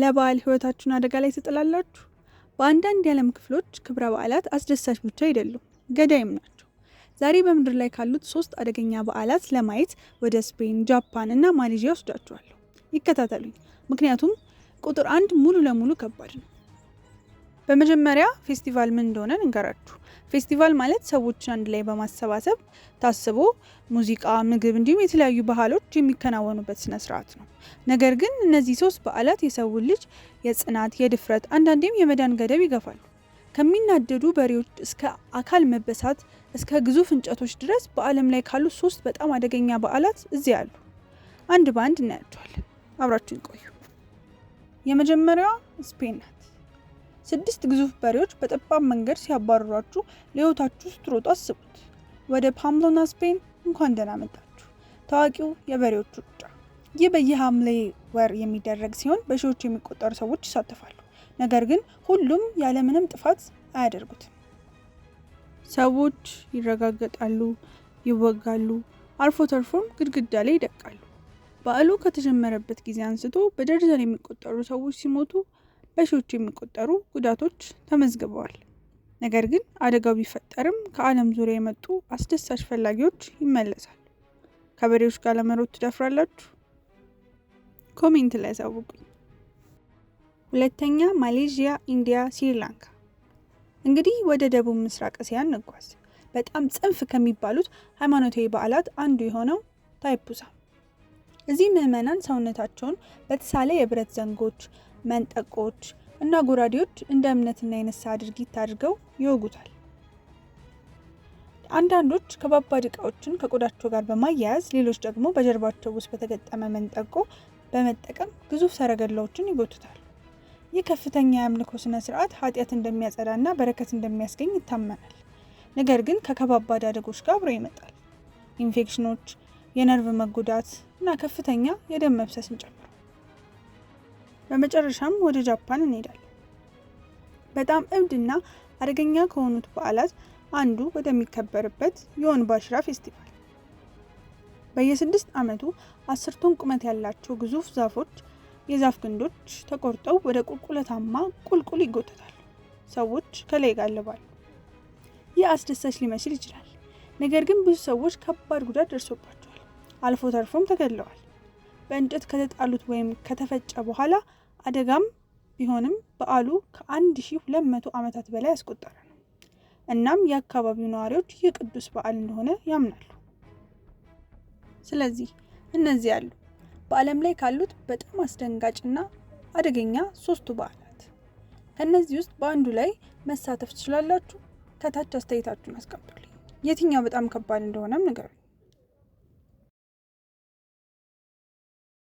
ለበዓል ህይወታችሁን አደጋ ላይ ትጥላላችሁ? በአንዳንድ የዓለም ክፍሎች ክብረ በዓላት አስደሳች ብቻ አይደሉም፣ ገዳይም ናቸው። ዛሬ በምድር ላይ ካሉት ሶስት አደገኛ በዓላት ለማየት ወደ ስፔን፣ ጃፓን እና ማሌዥያ ወስዳችኋለሁ። ይከታተሉኝ፣ ምክንያቱም ቁጥር አንድ ሙሉ ለሙሉ ከባድ ነው። በመጀመሪያ ፌስቲቫል ምን እንደሆነ እንገራችሁ። ፌስቲቫል ማለት ሰዎች አንድ ላይ በማሰባሰብ ታስቦ ሙዚቃ፣ ምግብ እንዲሁም የተለያዩ ባህሎች የሚከናወኑበት ስነ ስርዓት ነው። ነገር ግን እነዚህ ሶስት በዓላት የሰውን ልጅ የጽናት፣ የድፍረት አንዳንዴም የመዳን ገደብ ይገፋሉ። ከሚናደዱ በሬዎች እስከ አካል መበሳት እስከ ግዙፍ እንጨቶች ድረስ በዓለም ላይ ካሉ ሶስት በጣም አደገኛ በዓላት እዚህ አሉ። አንድ በአንድ እናያቸዋለን። አብራችን ቆዩ። የመጀመሪያዋ ስፔን ናት። ስድስት ግዙፍ በሬዎች በጠባብ መንገድ ሲያባርሯችሁ ለሕይወታችሁ ስትሮጡ አስቡት። ወደ ፓምፕሎና ስፔን እንኳን ደህና መጣችሁ። ታዋቂው የበሬዎች ሩጫ ይህ በየሐምሌ ወር የሚደረግ ሲሆን በሺዎች የሚቆጠሩ ሰዎች ይሳተፋሉ። ነገር ግን ሁሉም ያለምንም ጥፋት አያደርጉትም። ሰዎች ይረጋገጣሉ፣ ይወጋሉ፣ አልፎ ተርፎም ግድግዳ ላይ ይደቃሉ። በዓሉ ከተጀመረበት ጊዜ አንስቶ በደርዘን የሚቆጠሩ ሰዎች ሲሞቱ በሺዎች የሚቆጠሩ ጉዳቶች ተመዝግበዋል። ነገር ግን አደጋው ቢፈጠርም ከዓለም ዙሪያ የመጡ አስደሳች ፈላጊዎች ይመለሳሉ። ከበሬዎች ጋር ለመሮጥ ትደፍራላችሁ? ኮሜንት ላይ ያሳውቁኝ። ሁለተኛ ማሌዥያ፣ ኢንዲያ፣ ስሪላንካ። እንግዲህ ወደ ደቡብ ምስራቅ እስያ እንጓዝ። በጣም ጽንፍ ከሚባሉት ሃይማኖታዊ በዓላት አንዱ የሆነው ታይፑሳ እዚህ ምዕመናን ሰውነታቸውን በተሳለ የብረት ዘንጎች መንጠቆች እና ጎራዴዎች እንደ እምነትና የነሳ ድርጊት አድርገው ይወጉታል። አንዳንዶች ከባባድ እቃዎችን ከቆዳቸው ጋር በማያያዝ ሌሎች ደግሞ በጀርባቸው ውስጥ በተገጠመ መንጠቆ በመጠቀም ግዙፍ ሰረገላዎችን ይጎቱታል። ይህ ከፍተኛ የአምልኮ ስነ ስርዓት ኃጢአት እንደሚያጸዳና በረከት እንደሚያስገኝ ይታመናል። ነገር ግን ከከባባድ አደጎች ጋር አብሮ ይመጣል። ኢንፌክሽኖች፣ የነርቭ መጎዳት እና ከፍተኛ የደም መብሰስን ጨምሮ በመጨረሻም ወደ ጃፓን እንሄዳለን። በጣም እብድና አደገኛ ከሆኑት በዓላት አንዱ ወደሚከበርበት የኦንባሽራ ፌስቲቫል በየስድስት ዓመቱ አስር ቶን ቁመት ያላቸው ግዙፍ ዛፎች የዛፍ ግንዶች ተቆርጠው ወደ ቁልቁለታማ ቁልቁል ይጎተታሉ። ሰዎች ከላይ ይጋልባሉ። ይህ አስደሳች ሊመስል ይችላል፣ ነገር ግን ብዙ ሰዎች ከባድ ጉዳት ደርሶባቸዋል፣ አልፎ ተርፎም ተገድለዋል። በእንጨት ከተጣሉት ወይም ከተፈጨ በኋላ አደጋም ቢሆንም በዓሉ ከ1200 ዓመታት በላይ ያስቆጠረ ነው። እናም የአካባቢው ነዋሪዎች ይህ ቅዱስ በዓል እንደሆነ ያምናሉ። ስለዚህ እነዚህ ያሉ በዓለም ላይ ካሉት በጣም አስደንጋጭና አደገኛ ሶስቱ በዓላት ከእነዚህ ውስጥ በአንዱ ላይ መሳተፍ ትችላላችሁ? ከታች አስተያየታችሁን አስቀምጡልኝ። የትኛው በጣም ከባድ እንደሆነም ንገሩኝ።